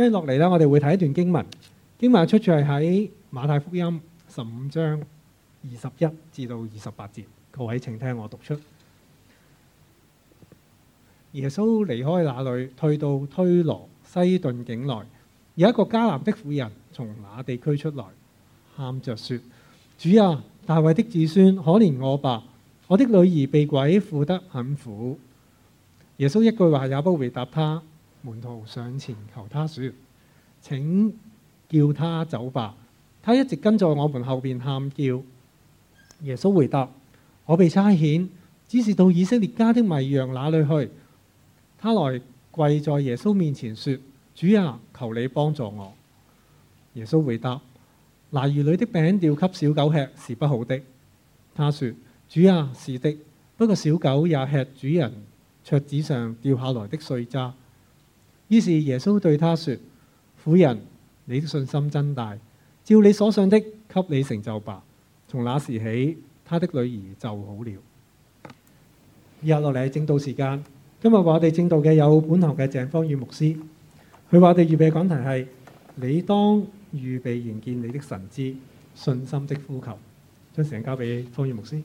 跟住落嚟咧，我哋會睇一段經文。經文出處係喺馬太福音十五章二十一至到二十八節。各位請聽我讀出：耶穌離開那裏，退到推羅西頓境內。有一個迦南的婦人從那地區出來，喊着説：主啊，大衛的子孫，可憐我吧！我的女兒被鬼附得很苦。耶穌一句話也不回答他。門徒上前求他説：請叫他走吧。他一直跟在我們後邊喊叫。耶穌回答：我被差遣，只是到以色列家的迷羊那裏去。他來跪在耶穌面前説：主啊，求你幫助我。耶穌回答：拿兒女的餅掉給小狗吃是不好的。他説：主啊，是的。不過小狗也吃主人桌子上掉下來的碎渣。於是耶穌對他說：婦人，你的信心真大，照你所想的，給你成就吧。從那時起，他的女兒就好了。日落嚟，係正道時間，今日話我哋正道嘅有本堂嘅鄭方宇牧師，佢話我哋預備嘅講題係：你當預備迎見你的神之信心的呼求。將時間交俾方宇牧師。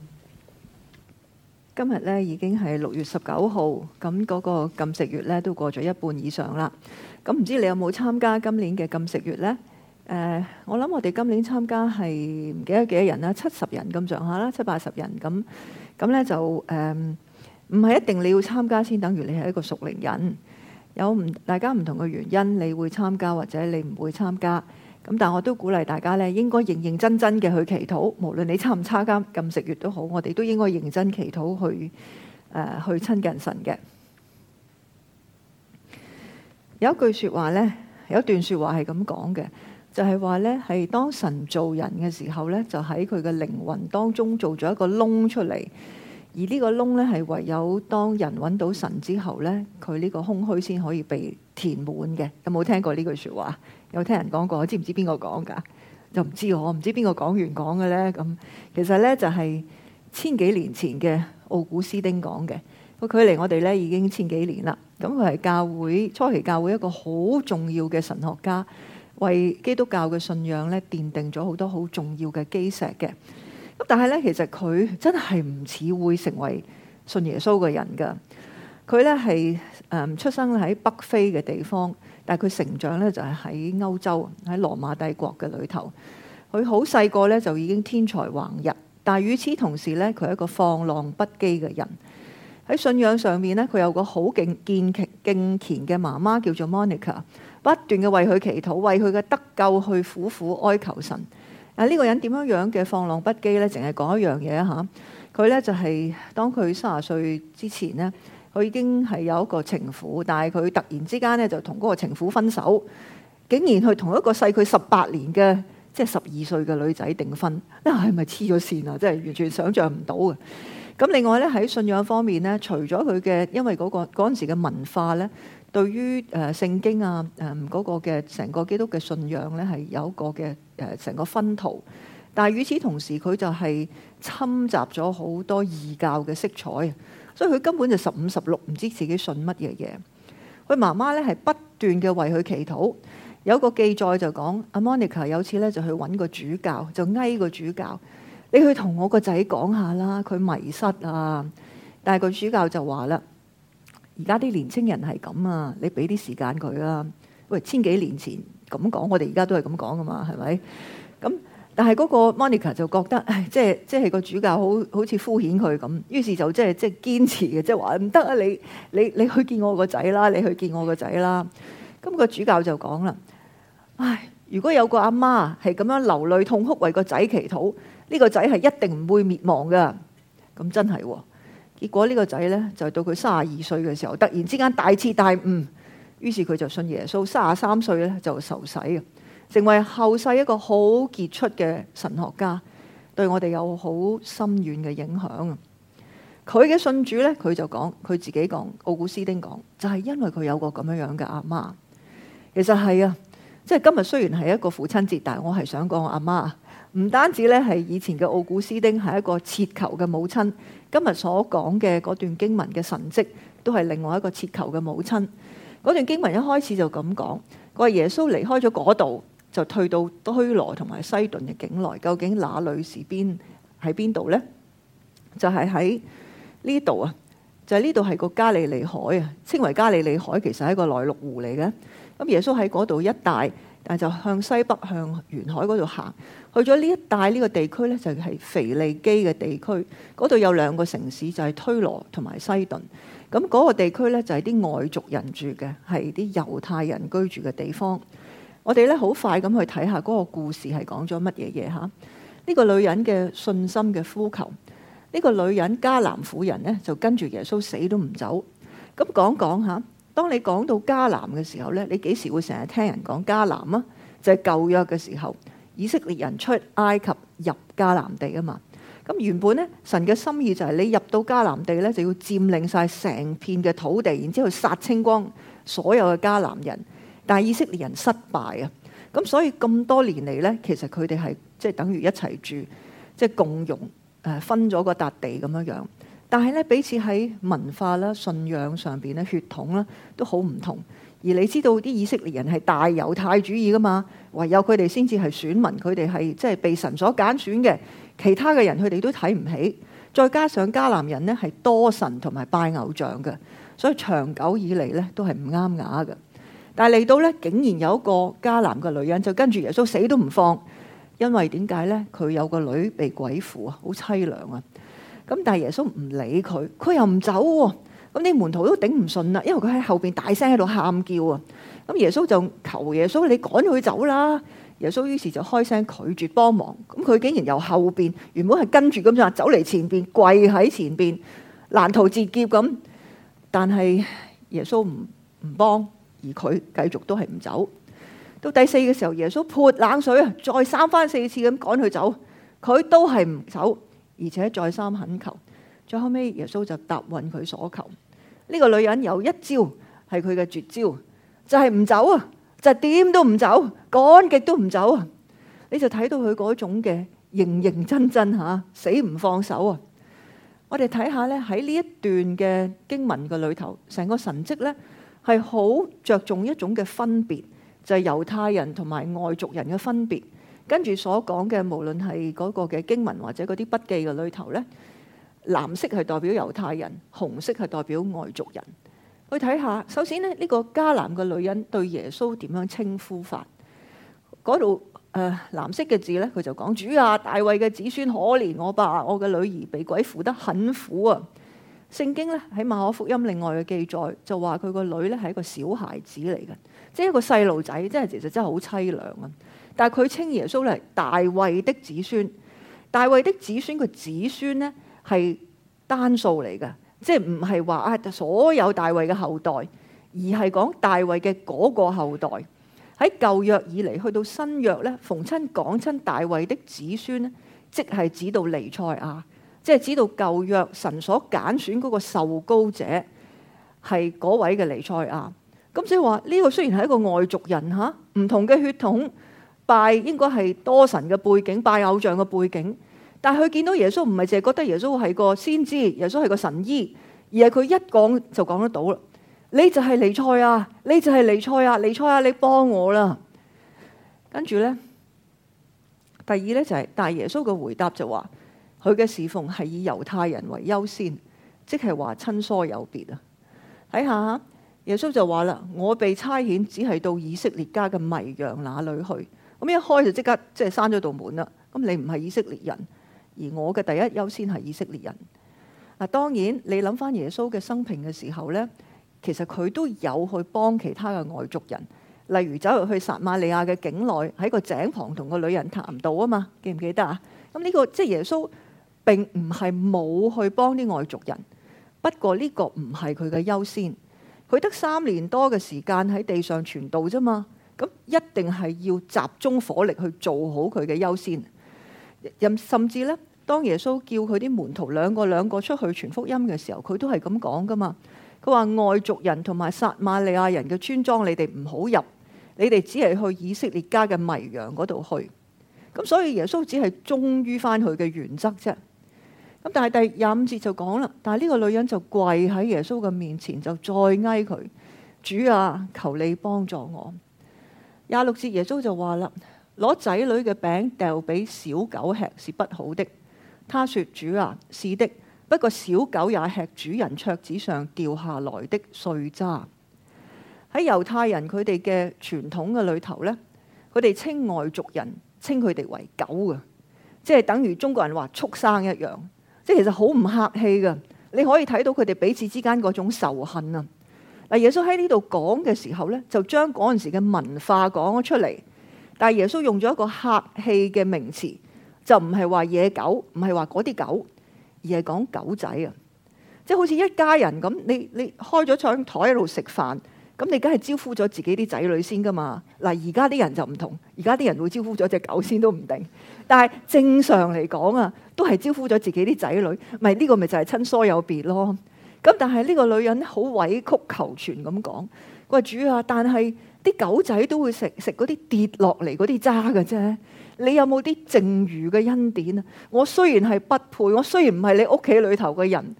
今日咧已經係六月十九號，咁嗰個禁食月咧都過咗一半以上啦。咁唔知你有冇參加今年嘅禁食月呢？誒、呃，我諗我哋今年參加係唔記得幾多人啦，七十人咁上下啦，七八十人咁。咁咧就誒，呃，唔係一定你要參加先等於你係一個屬靈人，有唔大家唔同嘅原因，你會參加或者你唔會參加。咁但我都鼓勵大家咧，應該認認真真嘅去祈禱，無論你參唔參加禁食月都好，我哋都應該認真祈禱去誒、呃、去親近神嘅。有一句說話咧，有一段說話係咁講嘅，就係話咧係當神造人嘅時候咧，就喺佢嘅靈魂當中做咗一個窿出嚟，而呢個窿咧係唯有當人揾到神之後咧，佢呢個空虛先可以被填滿嘅。有冇聽過呢句說話？有聽人講過，我知唔知邊個講㗎？就唔知我唔知邊個講完講嘅咧。咁其實咧就係、係、千幾年前嘅奧古斯丁講嘅。佢距離我哋咧已經千幾年啦。咁佢係教會初期教會一個好重要嘅神學家，為基督教嘅信仰咧奠定咗好多好重要嘅基石嘅。咁但係咧，其實佢真係唔似會成為信耶穌嘅人㗎。佢咧係誒出生喺北非嘅地方。但係佢成長咧就係、是、喺歐洲，喺羅馬帝國嘅裏頭。佢好細個咧就已經天才橫溢。但係與此同時咧，佢係一個放浪不羈嘅人。喺信仰上面咧，佢有個好勁敬虔敬虔嘅媽媽叫做 Monica，不斷嘅為佢祈禱，為佢嘅得救去苦苦哀求神。啊，呢個人點樣樣嘅放浪不羈咧？淨係講一樣嘢嚇，佢咧就係、是、當佢三十歲之前咧。佢已經係有一個情婦，但係佢突然之間咧就同嗰個情婦分手，竟然去同一個細佢十八年嘅即係十二歲嘅女仔訂婚，呢係咪黐咗線啊？即係完全想像唔到嘅。咁另外咧喺信仰方面咧，除咗佢嘅因為嗰個嗰陣時嘅文化咧，對於誒聖經啊誒嗰個嘅成個基督嘅信仰咧係有一個嘅誒成個分途，但係與此同時佢就係侵襲咗好多異教嘅色彩。所以佢根本就十五十六，唔知自己信乜嘢嘢。佢媽媽咧係不斷嘅為佢祈禱。有個記載就講，阿 Monica 有次咧就去揾個主教，就哀個主教。你去同我個仔講下啦，佢迷失啊。但係個主教就話啦：而家啲年青人係咁啊，你俾啲時間佢啦。喂，千幾年前咁講，我哋而家都係咁講噶嘛，係咪？咁。但係嗰個 Monica 就覺得，唉即係即係個主教好好似敷衍佢咁，於是就即係即係堅持嘅，即係話唔得啊！你你你去見我個仔啦，你去見我個仔啦。咁個、嗯、主教就講啦，唉，如果有個阿媽係咁樣流淚痛哭為個仔祈禱，呢、這個仔係一定唔會滅亡噶。咁、嗯、真係喎、哦。結果呢個仔呢，就到佢三十二歲嘅時候，突然之間大徹大悟，於是佢就信耶穌。三十三歲咧就受洗嘅。成為後世一個好傑出嘅神學家，對我哋有好深遠嘅影響。佢嘅信主呢，佢就講，佢自己講，奧古斯丁講，就係因為佢有個咁樣樣嘅阿媽。其實係啊，即係今日雖然係一個父親節，但係我係想講我阿媽。唔單止呢係以前嘅奧古斯丁係一個切求嘅母親，今日所講嘅嗰段經文嘅神蹟，都係另外一個切求嘅母親。嗰段經文一開始就咁講，話耶穌離開咗嗰度。就退到推羅同埋西頓嘅境內，究竟哪裏是邊喺邊度呢？就係喺呢度啊！就係呢度係個加利利海啊，稱為加利利海，其實係一個內陸湖嚟嘅。咁耶穌喺嗰度一帶，但就向西北向沿海嗰度行，去咗呢一帶呢個地區呢，就係腓利基嘅地區。嗰度有兩個城市，就係推羅同埋西頓。咁嗰個地區呢，就係啲外族人住嘅，係啲猶太人居住嘅地方。我哋咧好快咁去睇下嗰個故事係講咗乜嘢嘢嚇？呢個女人嘅信心嘅呼求，呢個女人迦南婦人呢就跟住耶穌死都唔走。咁講講嚇，當你講到迦南嘅時候呢，你幾時會成日聽人講迦南啊？就係舊約嘅時候，以色列人出埃及入迦南地啊嘛。咁原本呢，神嘅心意就係你入到迦南地呢，就要佔領晒成片嘅土地，然之後殺清光所有嘅迦南人。但以色列人失敗啊，咁所以咁多年嚟呢，其實佢哋係即係等於一齊住，即係共融，誒，分咗個笪地咁樣樣。但係咧，彼此喺文化啦、啊、信仰上邊咧、血統啦、啊，都好唔同。而你知道啲以色列人係大猶太主義㗎嘛，唯有佢哋先至係選民，佢哋係即係被神所揀選嘅。其他嘅人佢哋都睇唔起。再加上迦南人呢，係多神同埋拜偶像嘅，所以長久以嚟咧都係唔啱牙嘅。但係嚟到咧，竟然有一個迦南嘅女人就跟住耶穌死都唔放，因為點解咧？佢有個女被鬼附啊，好淒涼啊！咁但係耶穌唔理佢，佢又唔走，啊，咁你門徒都頂唔順啦，因為佢喺後邊大聲喺度喊叫啊！咁耶穌就求耶穌，你趕佢走啦！耶穌於是就開聲拒絕幫忙。咁佢竟然由後邊原本係跟住咁就話，走嚟前邊跪喺前邊，難逃自劫咁，但係耶穌唔唔幫。而佢繼續都係唔走，到第四嘅時候，耶穌潑冷水啊，再三番四次咁趕佢走，佢都係唔走，而且再三懇求，最後尾，耶穌就答應佢所求。呢、這個女人有一招係佢嘅絕招，就係、是、唔走啊，就係、是、點都唔走，趕極都唔走啊！你就睇到佢嗰種嘅認認真真吓、啊，死唔放手啊！我哋睇下咧，喺呢一段嘅經文嘅裏頭，成個神跡咧，係好着重一種嘅分別，就係、是、猶太人同埋外族人嘅分別。跟住所講嘅，無論係嗰個嘅經文或者嗰啲筆記嘅裏頭呢，藍色係代表猶太人，紅色係代表外族人。去睇下，首先呢，呢、這個迦南嘅女人對耶穌點樣稱呼法？嗰度誒藍色嘅字呢，佢就講：主啊，大衛嘅子孫，可憐我吧，我嘅女兒被鬼附得很苦啊！聖經咧，喺馬可福音另外嘅記載就話佢個女咧，係一個小孩子嚟嘅，即係一個細路仔，即係其實真係好凄涼啊！但係佢稱耶穌咧係大衛的子孫，大衛的子孫佢子孫咧係單數嚟嘅，即係唔係話啊所有大衛嘅後代，而係講大衛嘅嗰個後代。喺舊約以嚟去到新約咧，逢親講親大衛的子孫咧，即係指到彌賽亞。即係知道舊約神所揀選嗰個受膏者係嗰位嘅尼賽亞，咁所以話呢個雖然係一個外族人嚇，唔同嘅血統，拜應該係多神嘅背景，拜偶像嘅背景，但係佢見到耶穌唔係淨係覺得耶穌係個先知，耶穌係個神醫，而係佢一講就講得到啦。你就係尼賽亞，你就係尼賽亞，尼賽亞你幫我啦。跟住咧，第二咧就係但耶穌嘅回答就話。佢嘅侍奉係以猶太人為優先，即係話親疏有別啊！睇下，耶穌就話啦：我被差遣，只係到以色列家嘅迷羊那裡去。咁一開就即刻即係閂咗道門啦。咁你唔係以色列人，而我嘅第一優先係以色列人。嗱，當然你諗翻耶穌嘅生平嘅時候呢，其實佢都有去幫其他嘅外族人，例如走入去，去撒瑪利亞嘅境內，喺個井旁同個女人談道啊嘛，記唔記得啊？咁呢、這個即係耶穌。並唔係冇去幫啲外族人，不過呢個唔係佢嘅優先。佢得三年多嘅時間喺地上傳道啫嘛，咁一定係要集中火力去做好佢嘅優先。甚至呢，當耶穌叫佢啲門徒兩個兩個出去傳福音嘅時候，佢都係咁講噶嘛。佢話外族人同埋撒瑪利亞人嘅村莊，你哋唔好入，你哋只係去以色列家嘅迷羊嗰度去。咁所以耶穌只係忠於翻佢嘅原則啫。咁但係第廿五節就講啦，但係呢個女人就跪喺耶穌嘅面前就再嗌佢，主啊，求你幫助我。廿六節耶穌就話啦，攞仔女嘅餅掉俾小狗吃是不好的。他說，主啊，是的，不過小狗也吃主人桌子上掉下來的碎渣。喺猶太人佢哋嘅傳統嘅裏頭呢，佢哋稱外族人稱佢哋為狗啊，即係等於中國人話畜生一樣。即係其實好唔客氣噶，你可以睇到佢哋彼此之間嗰種仇恨啊！嗱，耶穌喺呢度講嘅時候咧，就將嗰陣時嘅文化講咗出嚟。但係耶穌用咗一個客氣嘅名詞，就唔係話野狗，唔係話嗰啲狗，而係講狗仔啊！即係好似一家人咁，你你開咗張台喺度食飯，咁你梗係招呼咗自己啲仔女先噶嘛？嗱，而家啲人就唔同，而家啲人會招呼咗隻狗先都唔定。但係正常嚟講啊～都係招呼咗自己啲仔女，咪呢個咪就係親疏有別咯。咁但係呢個女人好委曲求全咁講，佢話主啊，但係啲狗仔都會食食嗰啲跌落嚟嗰啲渣㗎啫。你有冇啲剩餘嘅恩典啊？我雖然係不配，我雖然唔係你屋企裏頭嘅人，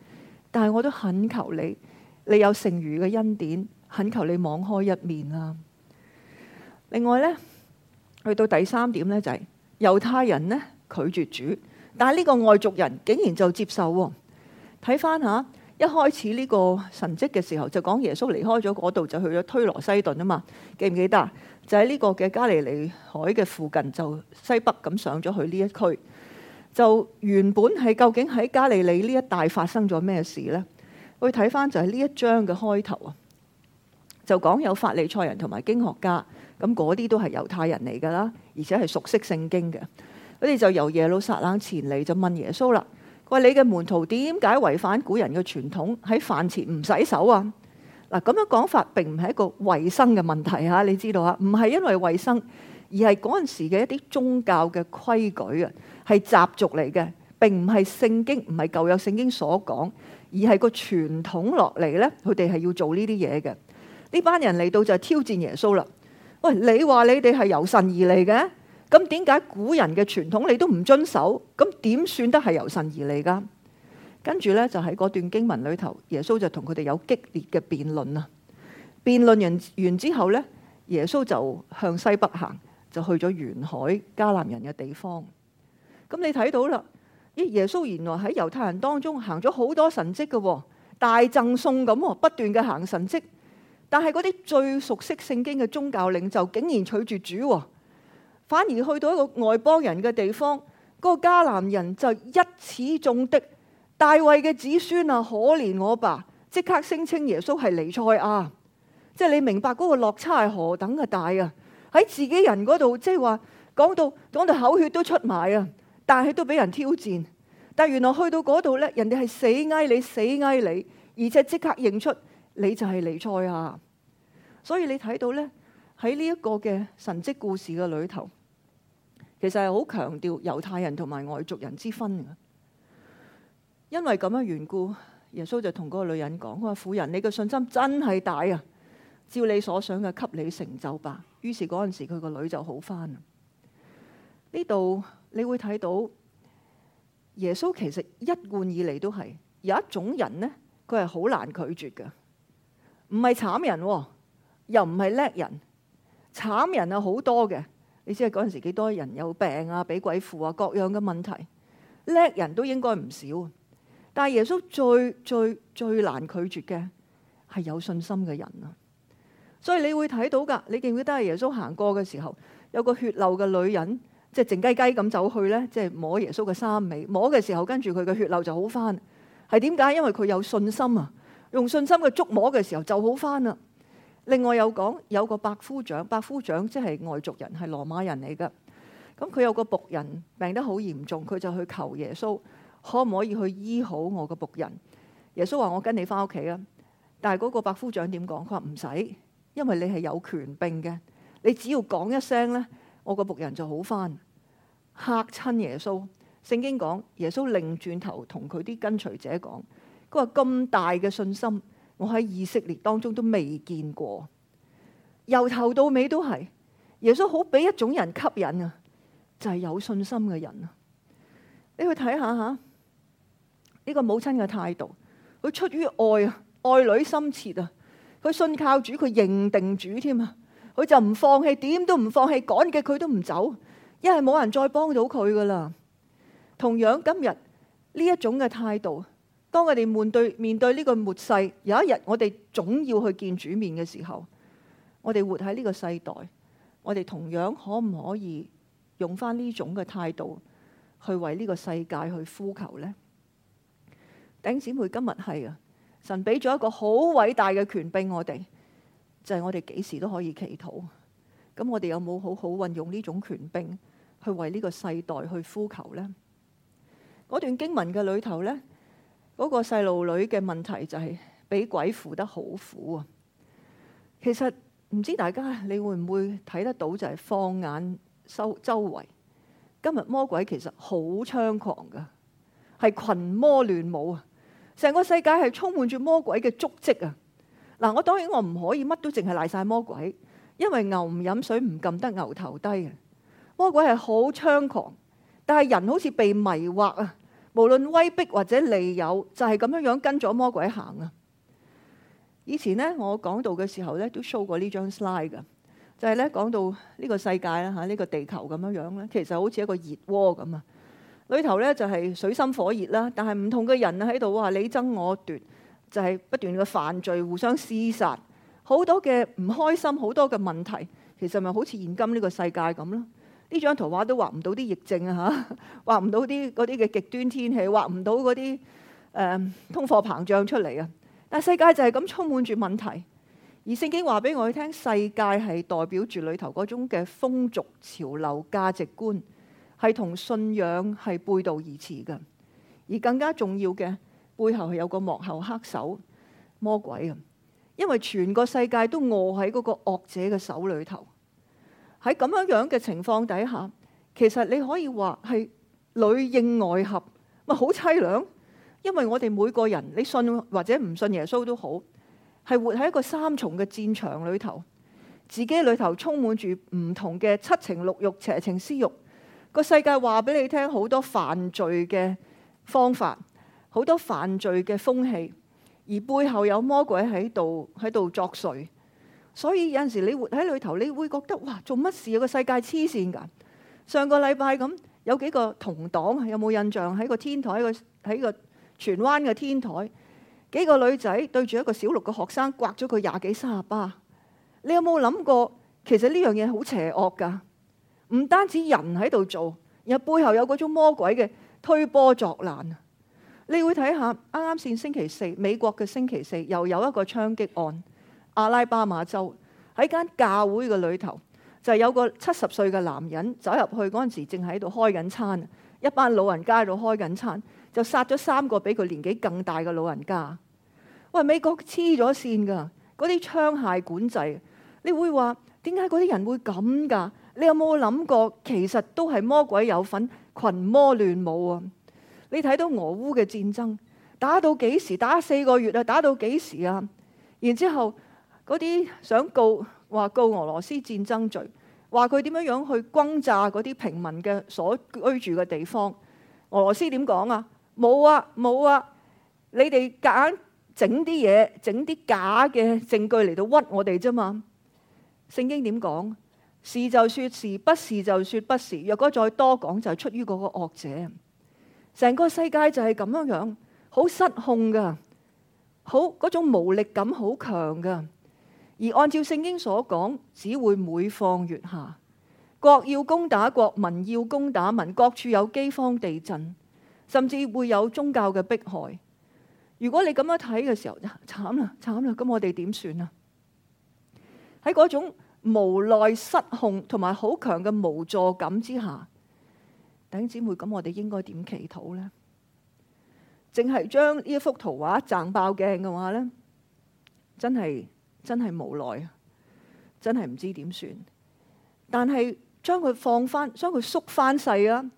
但係我都懇求你，你有剩餘嘅恩典，懇求你網開一面啊。另外呢，去到第三點呢，就係猶太人呢拒絕主。但係呢個外族人竟然就接受喎、哦，睇翻吓一開始呢個神跡嘅時候就講耶穌離開咗嗰度就去咗推羅西頓啊嘛，記唔記得？就喺呢個嘅加利利海嘅附近就西北咁上咗去呢一區，就原本係究竟喺加利利呢一帶發生咗咩事呢？會睇翻就係呢一章嘅開頭啊，就講有法利賽人同埋經學家，咁嗰啲都係猶太人嚟噶啦，而且係熟悉聖經嘅。佢哋就由耶路撒冷前嚟，就問耶穌啦，佢話喂，你嘅門徒點解違反古人嘅傳統喺飯前唔洗手啊？嗱，咁樣講法並唔係一個衛生嘅問題吓，你知道啊？唔係因為衛生，而係嗰陣時嘅一啲宗教嘅規矩啊，係習俗嚟嘅，並唔係聖經，唔係舊約聖經所講，而係個傳統落嚟呢。佢哋係要做呢啲嘢嘅。呢班人嚟到就係挑戰耶穌啦。喂，你話你哋係由神而嚟嘅？咁點解古人嘅傳統你都唔遵守？咁點算得係由神而嚟噶？跟住咧就喺嗰段經文裏頭，耶穌就同佢哋有激烈嘅辯論啦。辯論完完之後咧，耶穌就向西北行，就去咗沿海迦南人嘅地方。咁你睇到啦，咦,耶穌原來喺猶太人當中行咗好多神蹟嘅。哦，大贈送咁，不斷嘅行神蹟。但係嗰啲最熟悉聖經嘅宗教領袖，竟然取住主，哦。反而去到一個外邦人嘅地方，嗰個迦南人就一矢中的。大衛嘅子孫啊，可憐我吧！即刻聲稱耶穌係尼賽亞，即係你明白嗰個落差係何等嘅大啊！喺自己人嗰度，即係話講到講到口血都出埋啊，但係都俾人挑戰。但係原來去到嗰度咧，人哋係死嗌你，死嗌你，而且即刻認出你就係尼賽亞。所以你睇到咧。喺呢一個嘅神蹟故事嘅裏頭，其實係好強調猶太人同埋外族人之分嘅。因為咁樣緣故，耶穌就同嗰個女人講，佢話婦人，你嘅信心真係大啊！照你所想嘅，給你成就吧。於是嗰陣時佢個女就好翻。呢度你會睇到耶穌其實一貫以嚟都係有一種人呢，佢係好難拒絕嘅，唔係慘人哦，又唔係叻人。慘人啊，好多嘅，你知喺嗰陣時幾多人有病啊、俾鬼附啊各樣嘅問題，叻人都應該唔少啊。但係耶穌最最最難拒絕嘅係有信心嘅人啊，所以你會睇到噶，你記唔記得啊？耶穌行過嘅時候，有個血漏嘅女人，即係靜雞雞咁走去咧，即係摸耶穌嘅衫尾，摸嘅時候，跟住佢嘅血漏就好翻。係點解？因為佢有信心啊，用信心去觸摸嘅時候就好翻啦。另外有講有個百夫長，百夫長即係外族人，係羅馬人嚟噶。咁佢有個僕人病得好嚴重，佢就去求耶穌，可唔可以去醫好我個僕人？耶穌話：我跟你翻屋企啊！但係嗰個百夫長點講？佢話唔使，因為你係有權柄嘅，你只要講一聲呢，我個僕人就好翻。嚇親耶穌！聖經講耶穌擰轉頭同佢啲跟隨者講，佢話咁大嘅信心。我喺以色列當中都未見過，由頭到尾都係耶穌好俾一種人吸引啊，就係、是、有信心嘅人啊！你去睇下吓，呢、這個母親嘅態度，佢出於愛啊，愛女心切啊，佢信靠主，佢認定主添啊，佢就唔放棄，點都唔放棄，趕嘅佢都唔走，因為冇人再幫到佢噶啦。同樣今日呢一種嘅態度。當我哋面對面對呢個末世，有一日我哋總要去見主面嘅時候，我哋活喺呢個世代，我哋同樣可唔可以用翻呢種嘅態度去為呢個世界去呼求呢？頂姊妹今日係啊，神俾咗一個好偉大嘅權柄我哋，就係、是、我哋幾時都可以祈禱。咁我哋有冇好好運用呢種權柄去為呢個世代去呼求呢？嗰段經文嘅裏頭呢。嗰個細路女嘅問題就係俾鬼扶得好苦啊！其實唔知大家你會唔會睇得到？就係放眼周圍，今日魔鬼其實好猖狂噶，係群魔亂舞啊！成個世界係充滿住魔鬼嘅足跡啊！嗱，我當然我唔可以乜都淨係賴曬魔鬼，因為牛唔飲水唔撳得牛頭低啊！魔鬼係好猖狂，但係人好似被迷惑啊！無論威逼或者利誘，就係咁樣樣跟咗魔鬼行啊！以前咧，我講到嘅時候咧，都 show 過呢張 slide 嘅，就係咧講到呢個世界啦嚇，呢、啊這個地球咁樣樣咧，其實好似一個熱鍋咁啊，裏頭咧就係、是、水深火熱啦，但係唔同嘅人啊喺度啊，你爭我奪，就係、是、不斷嘅犯罪、互相廝殺，好多嘅唔開心，好多嘅問題，其實咪好似現今呢個世界咁咯。呢張圖畫都畫唔到啲疫症啊嚇，畫唔到啲嗰啲嘅極端天氣，畫唔到嗰啲誒通貨膨脹出嚟啊！但世界就係咁充滿住問題，而聖經話俾我聽，世界係代表住裏頭嗰種嘅風俗潮流價值觀，係同信仰係背道而馳㗎。而更加重要嘅背後係有個幕後黑手魔鬼啊！因為全個世界都餓喺嗰個惡者嘅手裏頭。喺咁樣樣嘅情況底下，其實你可以話係內應外合，咪好淒涼。因為我哋每個人，你信或者唔信耶穌都好，係活喺一個三重嘅戰場裏頭，自己裏頭充滿住唔同嘅七情六欲、邪情私欲。個世界話俾你聽好多犯罪嘅方法，好多犯罪嘅風氣，而背後有魔鬼喺度喺度作祟。所以有陣時你活喺裏頭，你會覺得哇，做乜事有、這個世界黐線㗎？上個禮拜咁有幾個同黨，有冇印象喺個天台，個喺個荃灣嘅天台，幾個女仔對住一個小六嘅學生，刮咗佢廿幾三十巴。你有冇諗過其實呢樣嘢好邪惡㗎？唔單止人喺度做，又背後有嗰種魔鬼嘅推波助瀾。你會睇下啱啱先星期四美國嘅星期四又有一個槍擊案。阿拉巴馬州喺間教會嘅裏頭，就有個七十歲嘅男人走入去嗰陣時，正喺度開緊餐，一班老人家喺度開緊餐，就殺咗三個比佢年紀更大嘅老人家。喂，美國黐咗線噶，嗰啲槍械管制，你會話點解嗰啲人會咁噶？你有冇諗過，其實都係魔鬼有份，群魔亂舞啊！你睇到俄烏嘅戰爭，打到幾時？打四個月啊，打到幾時啊？然之後。嗰啲想告話告俄羅斯戰爭罪，話佢點樣樣去轟炸嗰啲平民嘅所居住嘅地方，俄羅斯點講啊？冇啊，冇啊！你哋夾硬整啲嘢，整啲假嘅證據嚟到屈我哋啫嘛！聖經點講？是就説是，不是就説不是。若果再多講，就係出於嗰個惡者。成個世界就係咁樣樣，好失控噶，好嗰種無力感好強噶。而按照聖經所講，只會每況愈下，國要攻打國，民要攻打民，各處有饑荒、地震，甚至會有宗教嘅迫害。如果你咁樣睇嘅時候，慘啦慘啦，咁我哋點算啊？喺嗰種無奈、失控同埋好強嘅無助感之下，弟兄姊妹，咁我哋應該點祈禱呢？淨係將呢一幅圖畫掙爆鏡嘅話呢，真係。真係無奈啊！真係唔知點算。但係將佢放翻，將佢縮翻細啊！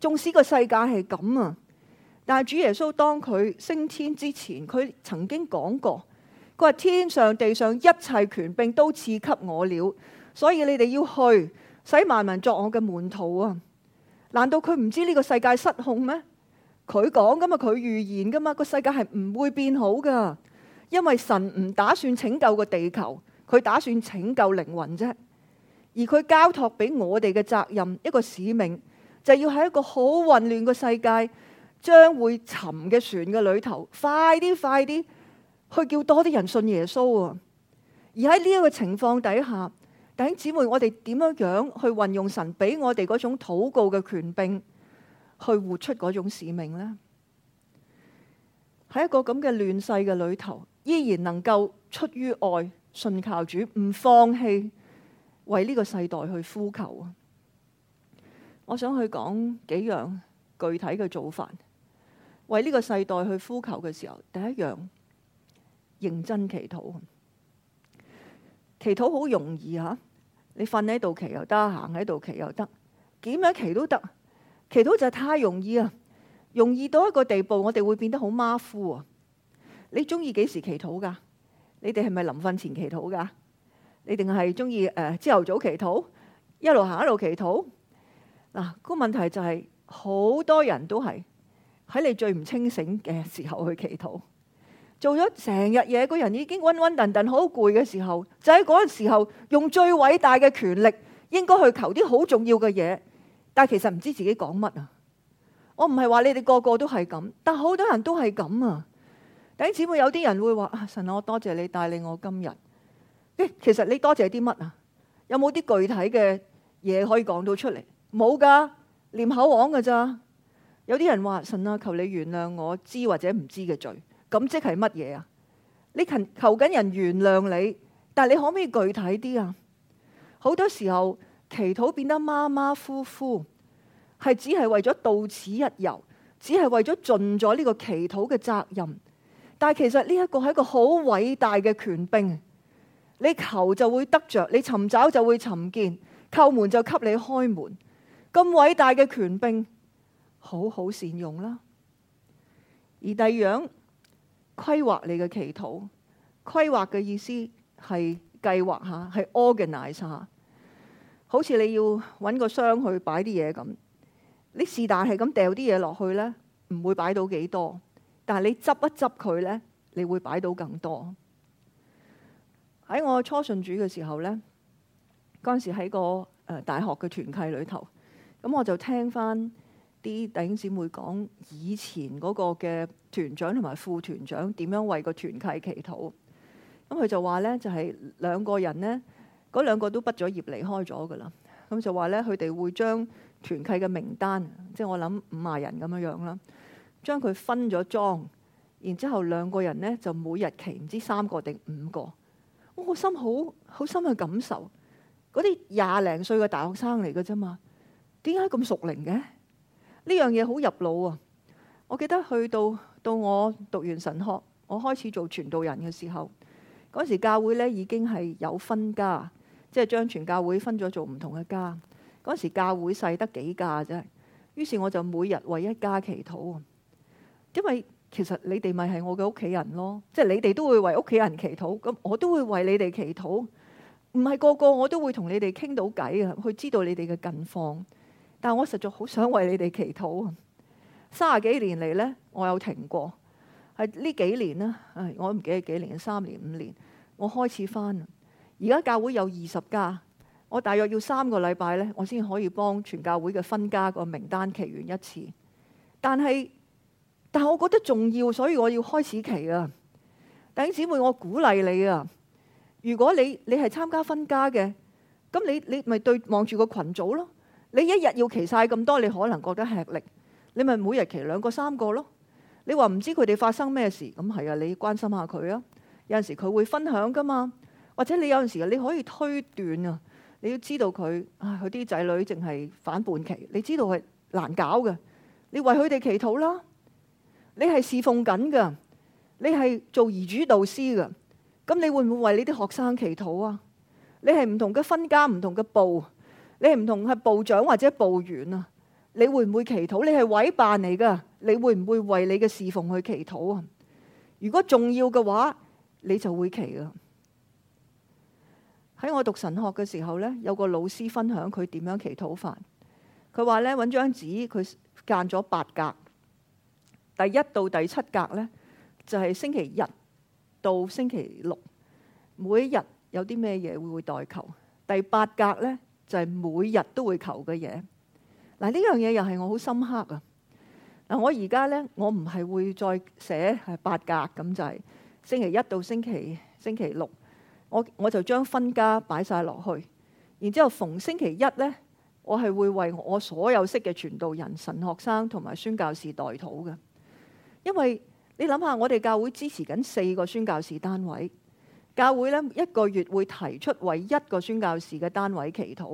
縱使個世界係咁啊，但係主耶穌當佢升天之前，佢曾經講過：佢話天上地上一切權柄都賜給我了，所以你哋要去使萬民作我嘅門徒啊！難道佢唔知呢個世界失控咩？佢講噶嘛，佢預言噶嘛，個世界係唔會變好噶。因為神唔打算拯救個地球，佢打算拯救靈魂啫。而佢交託俾我哋嘅責任，一個使命，就是、要喺一個好混亂嘅世界，將會沉嘅船嘅裏頭，快啲快啲去叫多啲人信耶穌啊、哦！而喺呢一個情況底下，弟兄姊妹，我哋點樣樣去運用神俾我哋嗰種禱告嘅權柄，去活出嗰種使命呢？喺一個咁嘅亂世嘅裏頭。依然能夠出於愛信靠主，唔放棄為呢個世代去呼求啊！我想去講幾樣具體嘅做法，為呢個世代去呼求嘅時候，第一樣認真祈禱。祈禱好容易嚇、啊，你瞓喺度祈又得，行喺度祈又得，點樣祈都得。祈禱就係太容易啊！容易到一個地步，我哋會變得好馬虎啊！你中意幾時祈禱噶？你哋係咪臨瞓前祈禱噶？你定係中意誒朝頭早祈禱？一路行一路祈禱。嗱，個問題就係好多人都係喺你最唔清醒嘅時候去祈禱，做咗成日嘢，個人已經昏昏沌沌，好攰嘅時候，就喺嗰個時候用最偉大嘅權力，應該去求啲好重要嘅嘢，但係其實唔知自己講乜啊！我唔係話你哋個個都係咁，但係好多人都係咁啊！等姊妹有啲人會話啊，神啊，我多謝你帶領我今日。其實你多謝啲乜啊？有冇啲具體嘅嘢可以講到出嚟？冇噶，唸口簧噶咋？有啲人話：神啊，求你原諒我知或者唔知嘅罪。咁即係乜嘢啊？你求求緊人原諒你，但係你可唔可以具體啲啊？好多時候祈禱變得馬馬虎虎，係只係為咗到此一遊，只係為咗盡咗呢個祈禱嘅責任。但其實呢一個係一個好偉大嘅權柄，你求就會得着，你尋找就會尋見，叩門就給你開門。咁偉大嘅權柄，好好善用啦。而第二樣，規劃你嘅祈禱。規劃嘅意思係計劃下，係 organize 下。好似你要揾個箱去擺啲嘢咁，你是但係咁掉啲嘢落去呢，唔會擺到幾多。但係你執一執佢呢，你會擺到更多。喺我初信主嘅時候呢，嗰陣時喺個誒大學嘅團契裏頭，咁我就聽翻啲弟兄姊妹講以前嗰個嘅團長同埋副團長點樣為個團契祈禱。咁佢就話呢，就係、是、兩個人呢，嗰兩個都畢咗業離開咗噶啦。咁就話呢，佢哋會將團契嘅名單，即、就、係、是、我諗五萬人咁樣樣啦。將佢分咗莊，然之後兩個人呢就每日期唔知三個定五個，我心好好深嘅感受。嗰啲廿零歲嘅大學生嚟嘅啫嘛，點解咁熟齡嘅？呢樣嘢好入腦啊！我記得去到到我讀完神學，我開始做傳道人嘅時候，嗰時教會呢已經係有分家，即係將全教會分咗做唔同嘅家。嗰時教會細得幾家啫，於是我就每日為一家祈禱。因為其實你哋咪係我嘅屋企人咯，即係你哋都會為屋企人祈禱，咁我都會為你哋祈禱。唔係個個我都會同你哋傾到偈啊，去知道你哋嘅近況。但係我實在好想為你哋祈禱。三十幾年嚟呢，我有停過，係呢幾年呢，唉、哎，我唔記得幾年，三年、五年，我開始翻。而家教會有二十家，我大約要三個禮拜呢，我先可以幫全教會嘅分家個名單祈完一次。但係。但係，我覺得重要，所以我要開始祈啊！弟兄姊妹，我鼓勵你啊！如果你你係參加分家嘅，咁你你咪對望住個群組咯。你一日要祈晒咁多，你可能覺得吃力，你咪每日祈兩個三個咯。你話唔知佢哋發生咩事，咁係啊，你關心下佢啊。有陣時佢會分享噶嘛，或者你有陣時你可以推斷啊。你要知道佢啊，佢啲仔女淨係反叛期，你知道係難搞嘅，你為佢哋祈禱啦。你係侍奉緊㗎，你係做兒主導師㗎，咁你會唔會為你啲學生祈禱啊？你係唔同嘅分家，唔同嘅部，你係唔同嘅部長或者部員啊？你會唔會祈禱？你係委辦嚟㗎，你會唔會為你嘅侍奉去祈禱啊？如果重要嘅話，你就會祈㗎。喺我讀神學嘅時候咧，有個老師分享佢點樣祈禱法，佢話咧，搵張紙，佢間咗八格。第一到第七格呢，就係星期日到星期六，每一日有啲咩嘢會代求。第八格呢，就係每日都會求嘅嘢。嗱，呢樣嘢又係我好深刻啊！嗱，我而家呢，我唔係會再寫係八格咁，就係星期一到星期星期六，我我就將分家擺晒落去，然之後逢星期一呢，我係會為我所有識嘅傳道人、神學生同埋宣教士代禱嘅。因為你諗下，我哋教會支持緊四個宣教士單位，教會咧一個月會提出為一個宣教士嘅單位祈禱。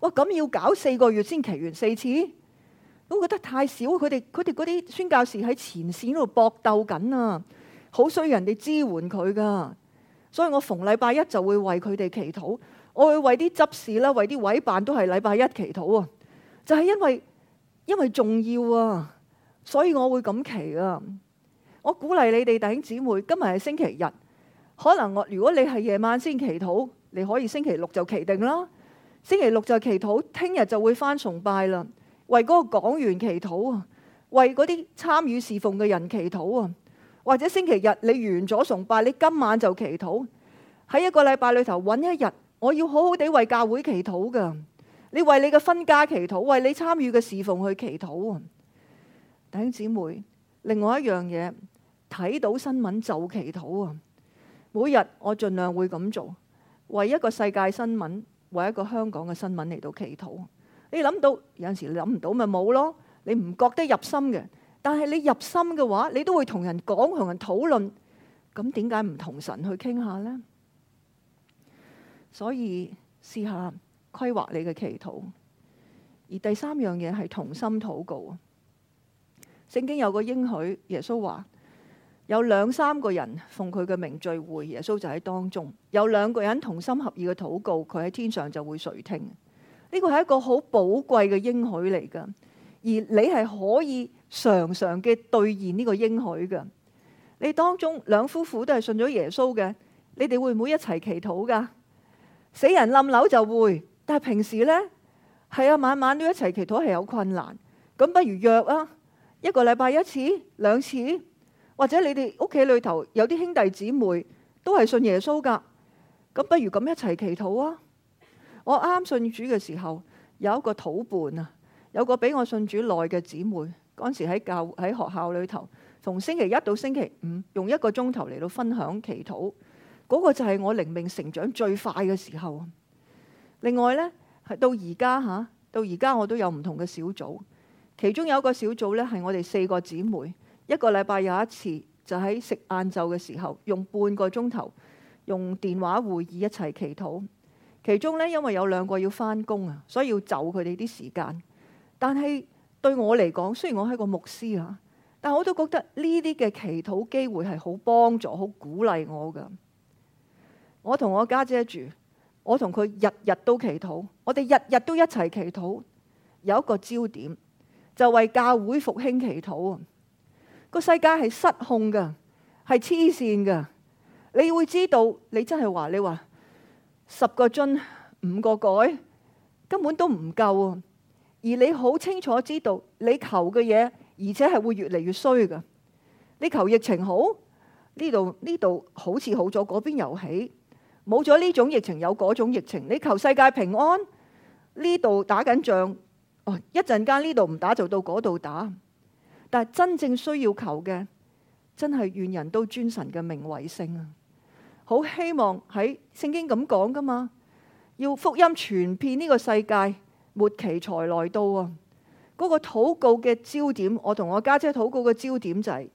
哇，咁要搞四個月先祈完四次，我覺得太少。佢哋佢哋嗰啲宣教士喺前綫嗰度搏鬥緊啊，好需要人哋支援佢噶。所以我逢禮拜一就會為佢哋祈禱，我會為啲執事啦，為啲委辦都係禮拜一祈禱啊。就係因為因為重要啊。所以我會咁祈啊！我鼓勵你哋弟兄姊妹，今日係星期日，可能我如果你係夜晚先祈禱，你可以星期六就祈定啦。星期六就祈禱，聽日就會返崇拜啦。為嗰個講員祈禱啊，為嗰啲參與侍奉嘅人祈禱啊，或者星期日你完咗崇拜，你今晚就祈禱。喺一個禮拜裏頭揾一日，我要好好地為教會祈禱㗎。你為你嘅婚家祈禱，為你參與嘅侍奉去祈禱啊。弟兄姊妹，另外一樣嘢，睇到新聞就祈禱啊！每日我盡量會咁做，為一個世界新聞，為一個香港嘅新聞嚟到祈禱。你諗到有陣時諗唔到咪冇咯？你唔覺得入心嘅，但係你入心嘅話，你都會同人講、同人討論。咁點解唔同神去傾下呢？所以試下規劃你嘅祈禱。而第三樣嘢係同心禱告。聖經有個應許，耶穌話有兩三個人奉佢嘅名聚會，耶穌就喺當中。有兩個人同心合意嘅禱告，佢喺天上就會垂聽。呢個係一個好寶貴嘅應許嚟噶，而你係可以常常嘅兌現呢個應許噶。你當中兩夫婦都係信咗耶穌嘅，你哋會唔會一齊祈禱噶？死人冧樓就會，但係平時呢，係啊，晚晚都一齊祈禱係有困難，咁不如約啊！一個禮拜一次、兩次，或者你哋屋企裏頭有啲兄弟姊妹都係信耶穌㗎，咁不如咁一齊祈禱啊！我啱信主嘅時候，有一個土伴啊，有個比我信主耐嘅姊妹，嗰陣時喺教喺學校裏頭，從星期一到星期五用一個鐘頭嚟到分享祈禱，嗰、嗰個就係我靈命成長最快嘅時候。另外呢，到而家吓，到而家我都有唔同嘅小組。其中有一個小組咧，係我哋四個姊妹一個禮拜有一次就喺食晏晝嘅時候，用半個鐘頭用電話會議一齊祈禱。其中咧，因為有兩個要翻工啊，所以要就佢哋啲時間。但係對我嚟講，雖然我係個牧師啊，但我都覺得呢啲嘅祈禱機會係好幫助、好鼓勵我噶。我同我家姐住，我同佢日日都祈禱，我哋日日都一齊祈禱，有一個焦點。就為教會復興祈禱啊！個世界係失控噶，係黐線噶。你會知道，你真係話你話十個進五個改，根本都唔夠啊！而你好清楚知道，你求嘅嘢，而且係會越嚟越衰噶。你求疫情好，呢度呢度好似好咗，嗰邊又起，冇咗呢種疫情，有嗰種疫情。你求世界平安，呢度打緊仗。一陣間呢度唔打就到嗰度打，但係真正需要求嘅，真係願人都尊神嘅名為聖啊！好希望喺聖經咁講噶嘛，要福音傳遍呢個世界，末期才來到啊！嗰、嗰個禱告嘅焦點，我同我家姐禱告嘅焦點就係、是、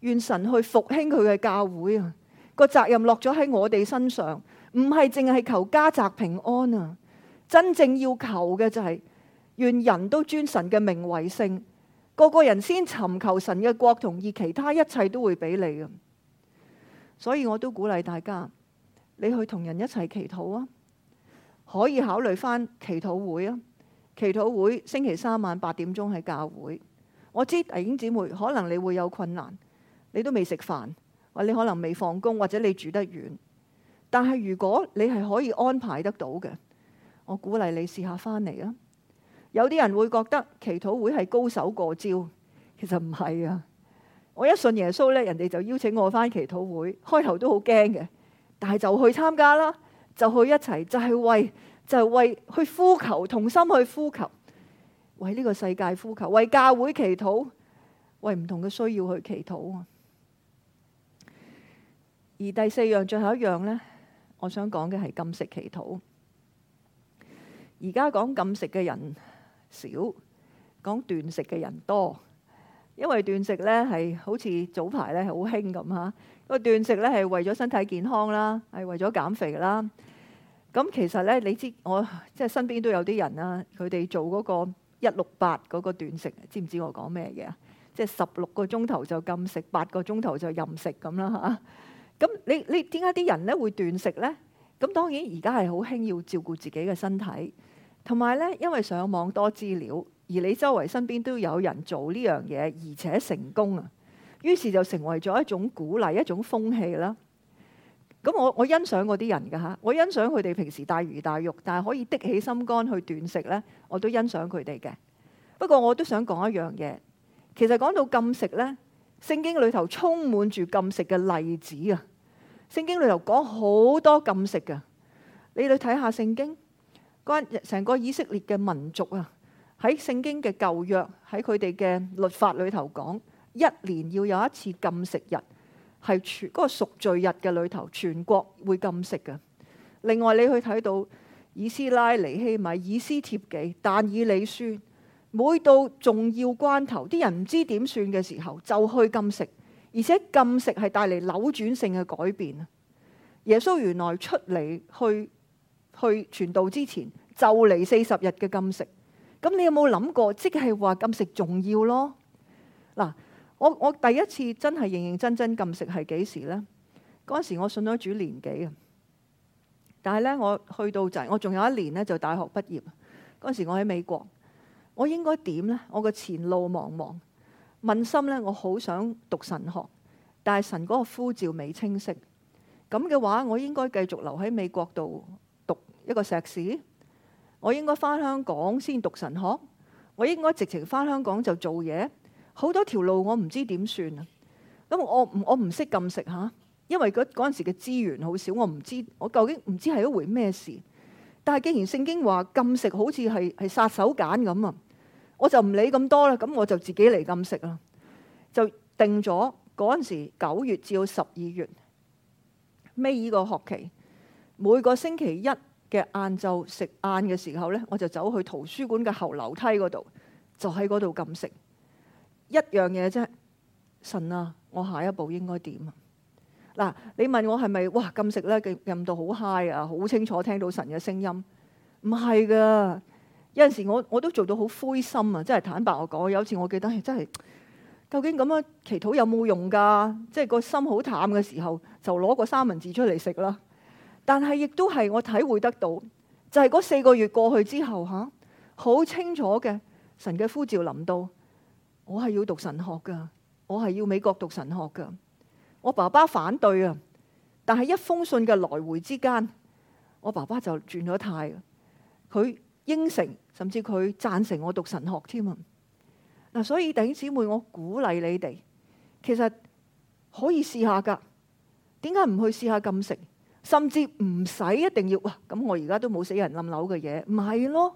願神去復興佢嘅教會啊！個責任落咗喺我哋身上，唔係淨係求家宅平安啊！真正要求嘅就係、是。願人都尊神嘅名為聖，個個人先尋求神嘅國同義，其他一切都會俾你嘅。所以我都鼓勵大家，你去同人一齊祈禱啊！可以考慮翻祈禱會啊！祈禱會星期三晚八點鐘喺教會。我知弟兄姊妹可能你會有困難，你都未食飯，或你可能未放工，或者你住得遠。但係如果你係可以安排得到嘅，我鼓勵你試下返嚟啊！有啲人會覺得祈禱會係高手過招，其實唔係啊！我一信耶穌咧，人哋就邀請我返祈禱會，開頭都好驚嘅，但係就去參加啦，就去一齊就係為就係為去呼求，同心去呼求，為呢個世界呼求，為教會祈禱，為唔同嘅需要去祈禱啊！而第四樣、最後一樣呢，我想講嘅係禁食祈禱。而家講禁食嘅人。少講斷食嘅人多，因為斷食咧係好似早排咧好興咁嚇。個斷食咧係為咗身體健康啦，係為咗減肥啦。咁、嗯、其實咧，你知我即係身邊都有啲人啦，佢哋做嗰個一六八嗰個斷食，知唔知我講咩嘢？即係十六個鐘頭就禁食，八個鐘頭就任食咁啦嚇。咁、嗯嗯、你你點解啲人咧會斷食咧？咁、嗯、當然而家係好興要照顧自己嘅身體。同埋咧，因為上網多資料，而你周圍身邊都有人做呢樣嘢，而且成功啊，於是就成為咗一種鼓勵、一種風氣啦。咁我我欣賞嗰啲人㗎吓，我欣賞佢哋平時大魚大肉，但係可以的起心肝去斷食咧，我都欣賞佢哋嘅。不過我都想講一樣嘢，其實講到禁食咧，聖經裏頭充滿住禁食嘅例子啊，聖經裏頭講好多禁食嘅，你去睇下聖經。關成個以色列嘅民族啊，喺聖經嘅舊約，喺佢哋嘅律法裏頭講，一年要有一次禁食日，係全嗰、嗰個贖罪日嘅裏頭，全國會禁食嘅。另外你去睇到以斯拉、尼希米、以斯帖記、但以理書，每到重要關頭，啲人唔知點算嘅時候，就去禁食，而且禁食係帶嚟扭轉性嘅改變啊！耶穌原來出嚟去。去傳道之前就嚟四十日嘅禁食，咁你有冇諗過？即係話禁食重要咯。嗱，我我第一次真係認認真真禁食係幾時呢？嗰陣時我信咗主年幾啊！但係咧，我去到就係、是、我仲有一年咧就大學畢業。嗰陣時我喺美國，我應該點呢？我個前路茫茫，問心咧我好想讀神學，但係神嗰個呼召未清晰。咁嘅話，我應該繼續留喺美國度。一個碩士，我應該翻香港先讀神學，我應該直情翻香港就做嘢，好多條路我唔知點算啊！咁我唔我唔識禁食吓，啊，因為嗰嗰陣時嘅資源好少，我唔知我究竟唔知係一回咩事。但係既然聖經話禁食好似係係殺手鐧咁啊，我就唔理咁多啦，咁我就自己嚟禁食啦，就定咗嗰陣時九月至到十二月尾呢個學期每個星期一。嘅晏晝食晏嘅時候咧，我就走去圖書館嘅後樓梯嗰度，就喺嗰度禁食。一樣嘢啫，神啊，我下一步應該點啊？嗱，你問我係咪哇禁食咧？佢禁到好嗨啊，好清楚聽到神嘅聲音。唔係噶，有陣時我我都做到好灰心啊！真係坦白我講，有次我記得係真係，究竟咁樣祈禱有冇用噶？即係個心好淡嘅時候，就攞個三文治出嚟食啦。但係亦都係我體會得到，就係嗰四個月過去之後吓，好，啊，清楚嘅神嘅呼召臨到，我係要讀神學噶，我係要美國讀神學噶，我爸爸反對啊，但係一封信嘅來回之間，我爸爸就轉咗態，佢應承，甚至佢贊成我讀神學添啊！嗱，所以弟兄姊妹，我鼓勵你哋，其實可以試下噶，點解唔去試下禁食？甚至唔使一定要哇！咁我而家都冇死人冧樓嘅嘢，唔係咯？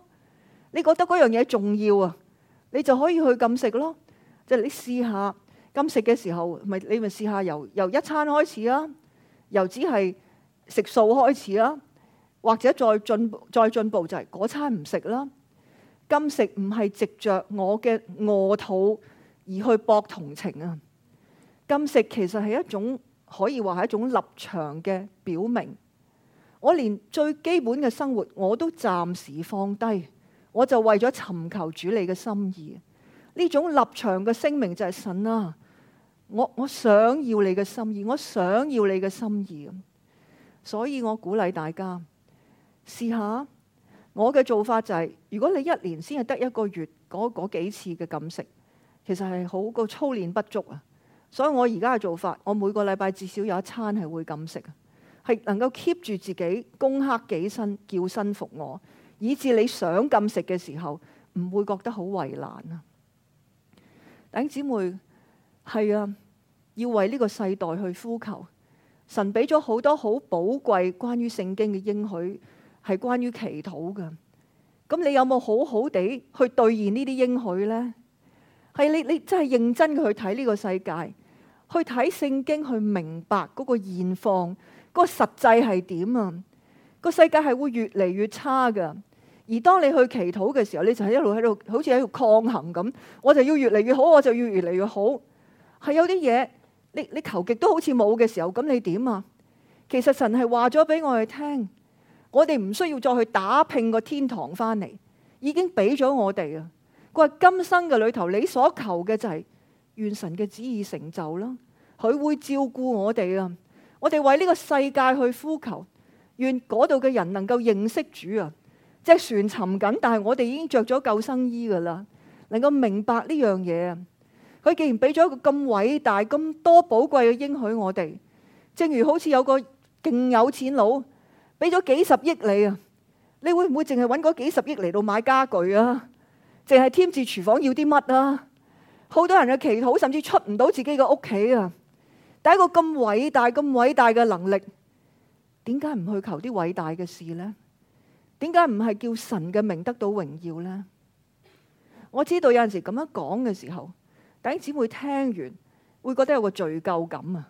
你覺得嗰樣嘢重要啊？你就可以去禁食咯。即係你試下禁食嘅時候，咪你咪試下由由一餐開始啦，由只係食素開始啦，或者再進步再進步就係嗰餐唔食啦。禁食唔係藉着我嘅餓肚而去博同情啊！禁食其實係一種。可以話係一種立場嘅表明，我連最基本嘅生活我都暫時放低，我就為咗尋求主你嘅心意。呢種立場嘅聲明就係、是、神啦、啊，我我想要你嘅心意，我想要你嘅心意。所以我鼓勵大家試下，我嘅做法就係、是，如果你一年先係得一個月嗰嗰幾次嘅感食，其實係好過操練不足啊。所以我而家嘅做法，我每個禮拜至少有一餐係會禁食啊，係能夠 keep 住自己攻克己身，叫身服我，以至你想禁食嘅時候，唔會覺得好為難啊。弟兄姊妹，係啊，要為呢個世代去呼求。神俾咗好多好寶貴關於聖經嘅應許，係關於祈禱嘅。咁你有冇好好地去兌現呢啲應許呢？係你你真係認真去睇呢個世界。去睇聖經，去明白嗰個現況，個實際係點啊？個世界係會越嚟越差嘅。而當你去祈禱嘅時候，你就係一路喺度，好似喺度抗衡咁。我就要越嚟越好，我就要越嚟越好。係有啲嘢，你你求極都好似冇嘅時候，咁你點啊？其實神係話咗俾我哋聽，我哋唔需要再去打拼個天堂翻嚟，已經俾咗我哋啊。佢話今生嘅裏頭，你所求嘅就係。願神嘅旨意成就啦，佢會照顧我哋啊！我哋為呢個世界去呼求，願嗰度嘅人能夠認識主啊！隻船沉緊，但係我哋已經着咗救生衣噶啦，能夠明白呢樣嘢啊！佢既然俾咗一個咁偉大、咁多寶貴嘅應許我哋，正如好似有個勁有錢佬俾咗幾十億你啊，你會唔會淨係搵嗰幾十億嚟到買傢具啊？淨係添置廚房要啲乜啊？好多人嘅祈禱甚至出唔到自己嘅屋企啊！第一個咁偉大咁偉大嘅能力，點解唔去求啲偉大嘅事呢？點解唔係叫神嘅名得到榮耀呢？我知道有陣時咁樣講嘅時候，弟兄姊妹聽完會覺得有個罪疚感啊！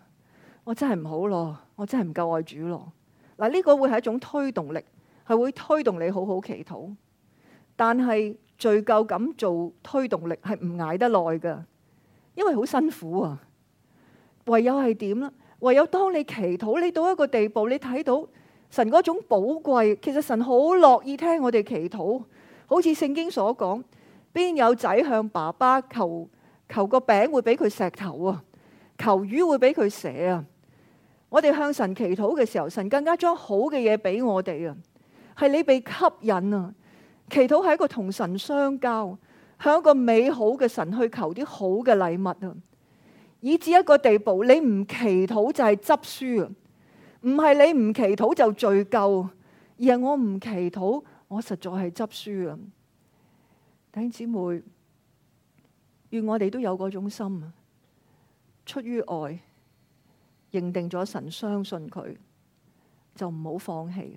我真係唔好咯，我真係唔夠愛主咯。嗱、這、呢個會係一種推動力，係會推動你好好祈禱，但係。罪疚咁做推動力係唔捱得耐噶，因為好辛苦啊。唯有係點啦？唯有當你祈禱你到一個地步，你睇到神嗰種寶貴，其實神好樂意聽我哋祈禱，好似聖經所講，邊有仔向爸爸求求個餅會俾佢石頭啊，求魚會俾佢蛇啊。我哋向神祈禱嘅時候，神更加將好嘅嘢俾我哋啊。係你被吸引啊！祈禱係一個同神相交，向一個美好嘅神去求啲好嘅禮物啊！以至一個地步，你唔祈禱就係執輸啊！唔係你唔祈禱就罪咎，而係我唔祈禱，我實在係執輸啊！弟兄姊妹，願我哋都有嗰種心啊！出於愛，認定咗神，相信佢就唔好放棄。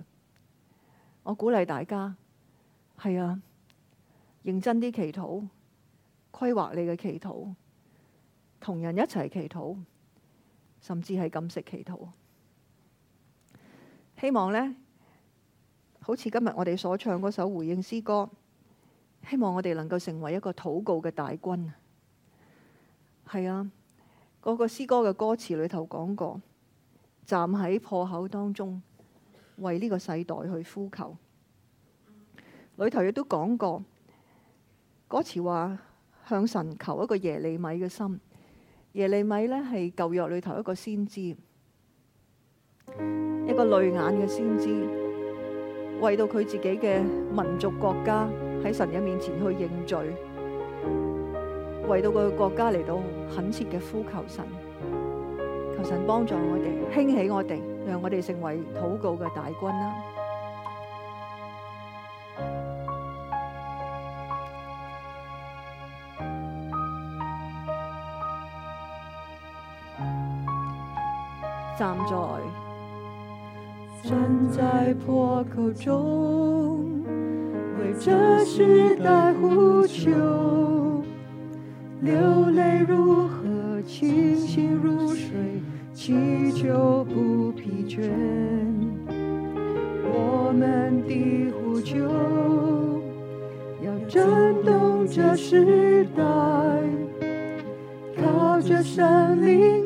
我鼓勵大家。係啊，認真啲祈禱，規劃你嘅祈禱，同人一齊祈禱，甚至係禁食祈禱。希望呢，好似今日我哋所唱嗰首回應詩歌，希望我哋能夠成為一個禱告嘅大軍。係啊，嗰個詩歌嘅歌詞裏頭講過，站喺破口當中，為呢個世代去呼求。裏頭亦都講過，歌詞話向神求一個耶利米嘅心。耶利米咧係舊約裏頭一個先知，一個淚眼嘅先知，為到佢自己嘅民族國家喺神嘅面前去認罪，為到個國家嚟到懇切嘅呼求神，求神幫助我哋，興起我哋，讓我哋成為禱告嘅大軍啦。站在站在破口中，為這時代呼求，流淚如河，清醒如水，祈求不疲倦。我們的呼求要震動這時代，靠着神靈。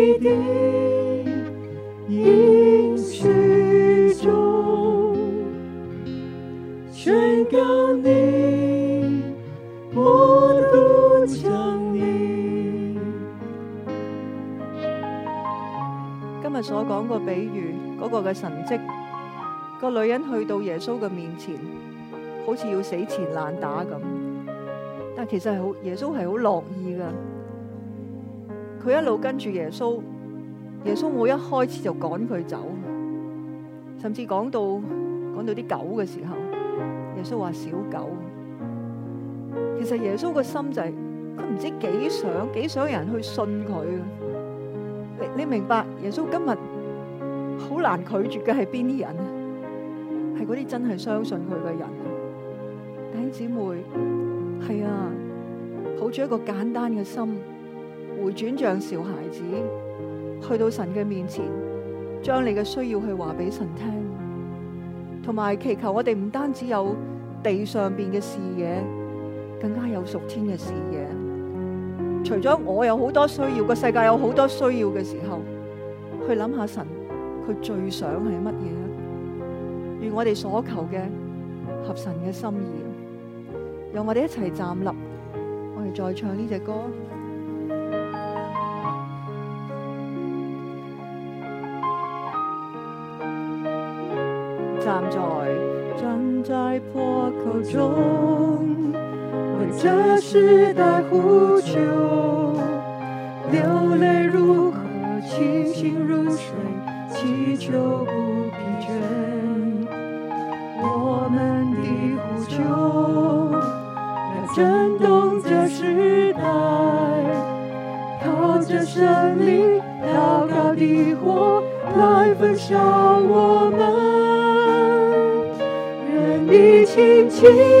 所講個比喻，嗰個嘅神蹟，個女人去到耶穌嘅面前，好似要死纏爛打咁。但其實係好，耶穌係好樂意噶。佢一路跟住耶穌，耶穌冇一開始就趕佢走，甚至講到講到啲狗嘅時候，耶穌話小狗。其實耶穌個心就係佢唔知幾想幾想人去信佢。你明白耶穌今日好難拒絕嘅係邊啲人呢？係嗰啲真係相信佢嘅人。弟兄姊妹，係啊，抱住一個簡單嘅心，回轉像小孩子，去到神嘅面前，將你嘅需要去話俾神聽，同埋祈求我哋唔單止有地上邊嘅視野，更加有屬天嘅視野。除咗我有好多需要，這個世界有好多需要嘅時候，去諗下神佢最想係乜嘢啊？如我哋所求嘅合神嘅心意，由我哋一齊站立，我哋再唱呢隻歌。 站在站在破口中。這時代呼求，流淚如河，清醒如水，祈求不疲倦。我們的呼求，來震動這時代，靠着聖靈，高高的火來焚燒我們。願你輕輕。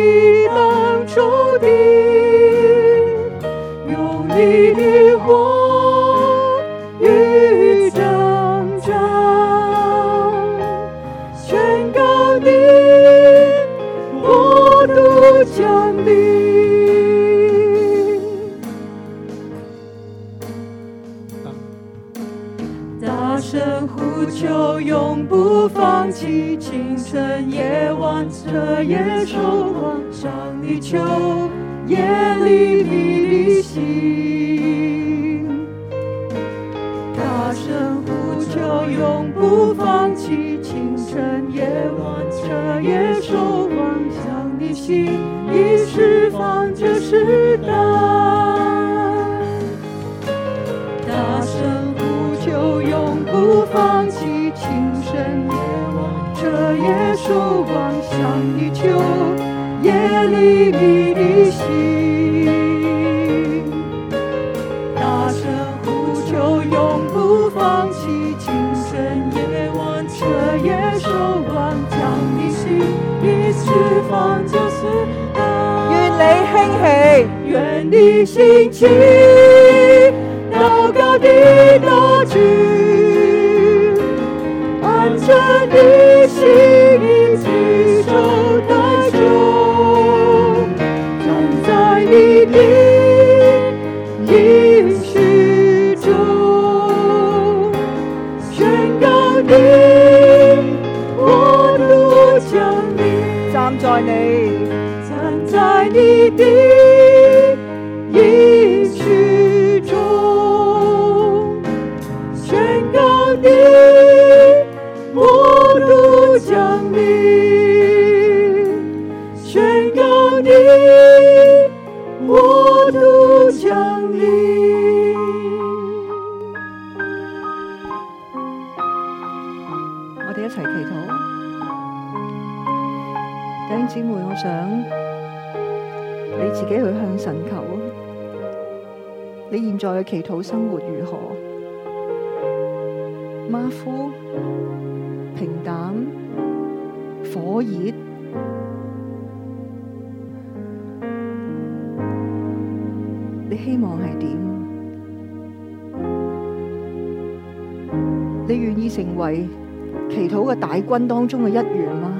軍當中嘅一員嗎、啊？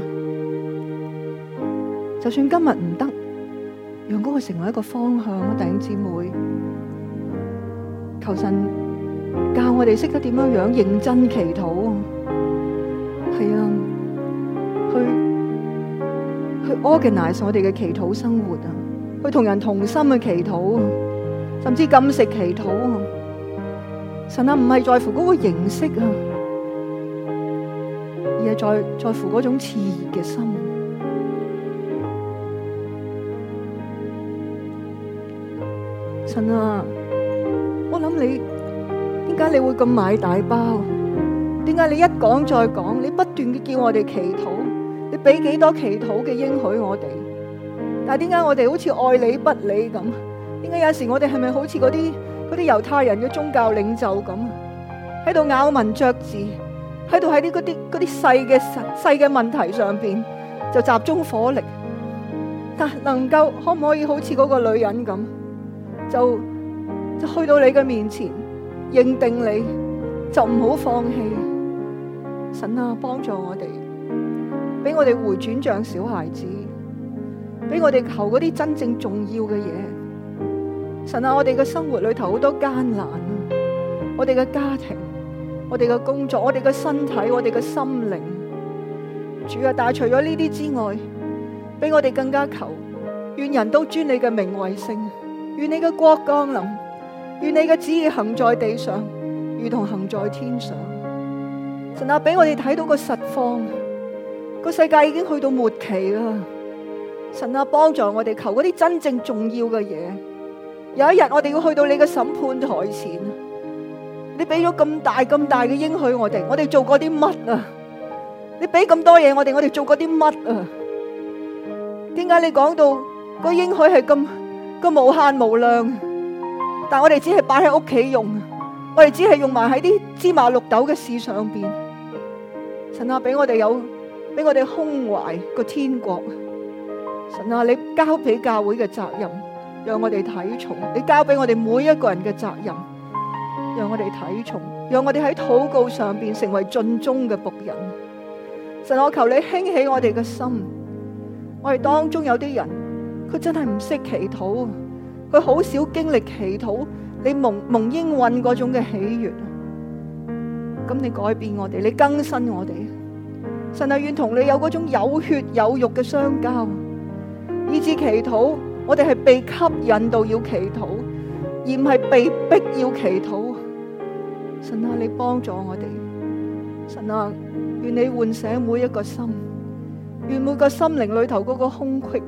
就算今日唔得，讓嗰個成為一個方向啊！弟兄姊妹，求神教我哋識得點樣樣認真祈禱、啊，係啊，去去 organize 我哋嘅祈禱生活啊，去同人同心去祈禱、啊，甚至禁食祈禱啊！神啊，唔係在乎嗰個形式啊！在在乎嗰種熾熱嘅心，神啊，我諗你點解你會咁賣大包？點解你一講再講？你不斷嘅叫我哋祈禱，你俾幾多祈禱嘅應許我哋？但係點解我哋好似愛理不理咁？點解有時我哋係咪好似嗰啲嗰啲猶太人嘅宗教領袖咁，喺度咬文嚼字？喺度喺啲嗰啲啲細嘅細嘅問題上邊就集中火力，但能夠可唔可以好似嗰個女人咁，就就去到你嘅面前認定你，就唔好放棄。神啊，幫助我哋，俾我哋回轉像小孩子，俾我哋求嗰啲真正重要嘅嘢。神啊，我哋嘅生活裏頭好多艱難啊，我哋嘅家庭。我哋嘅工作，我哋嘅身體，我哋嘅心靈，主啊！但除咗呢啲之外，俾我哋更加求，願人都尊你嘅名為聖，願你嘅國降臨，願你嘅旨意行在地上，如同行在天上。神啊，俾我哋睇到個實況，個世界已經去到末期啦！神啊，幫助我哋求嗰啲真正重要嘅嘢，有一日我哋要去到你嘅審判台前。你俾咗咁大咁大嘅應許我哋，我哋做過啲乜啊？你俾咁多嘢我哋，我哋做過啲乜啊？點解你講到個應許係咁咁無限無量，但我哋只係擺喺屋企用，我哋只係用埋喺啲芝麻綠豆嘅事上邊。神啊，俾我哋有，俾我哋胸懷個天國。神啊，你交俾教會嘅責任，讓我哋睇重；你交俾我哋每一個人嘅責任。讓我哋睇重，讓我哋喺禱告上邊成為盡忠嘅僕人。神，我求你興起我哋嘅心。我哋當中有啲人，佢真係唔識祈禱，佢好少經歷祈禱，你蒙蒙應允嗰種嘅喜悅。咁你改變我哋，你更新我哋。神係，願同你有嗰種有血有肉嘅相交，以致祈禱，我哋係被吸引到要祈禱，而唔係被逼要祈禱。神啊，你幫助我哋！神啊，願你喚醒每一個心，願每個心靈裏頭個空隙，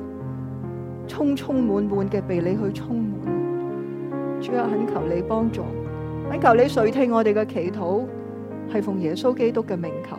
充充滿滿嘅被你去充滿。主啊，懇求你幫助，懇求你垂聽我哋嘅祈禱，係奉耶穌基督嘅名求。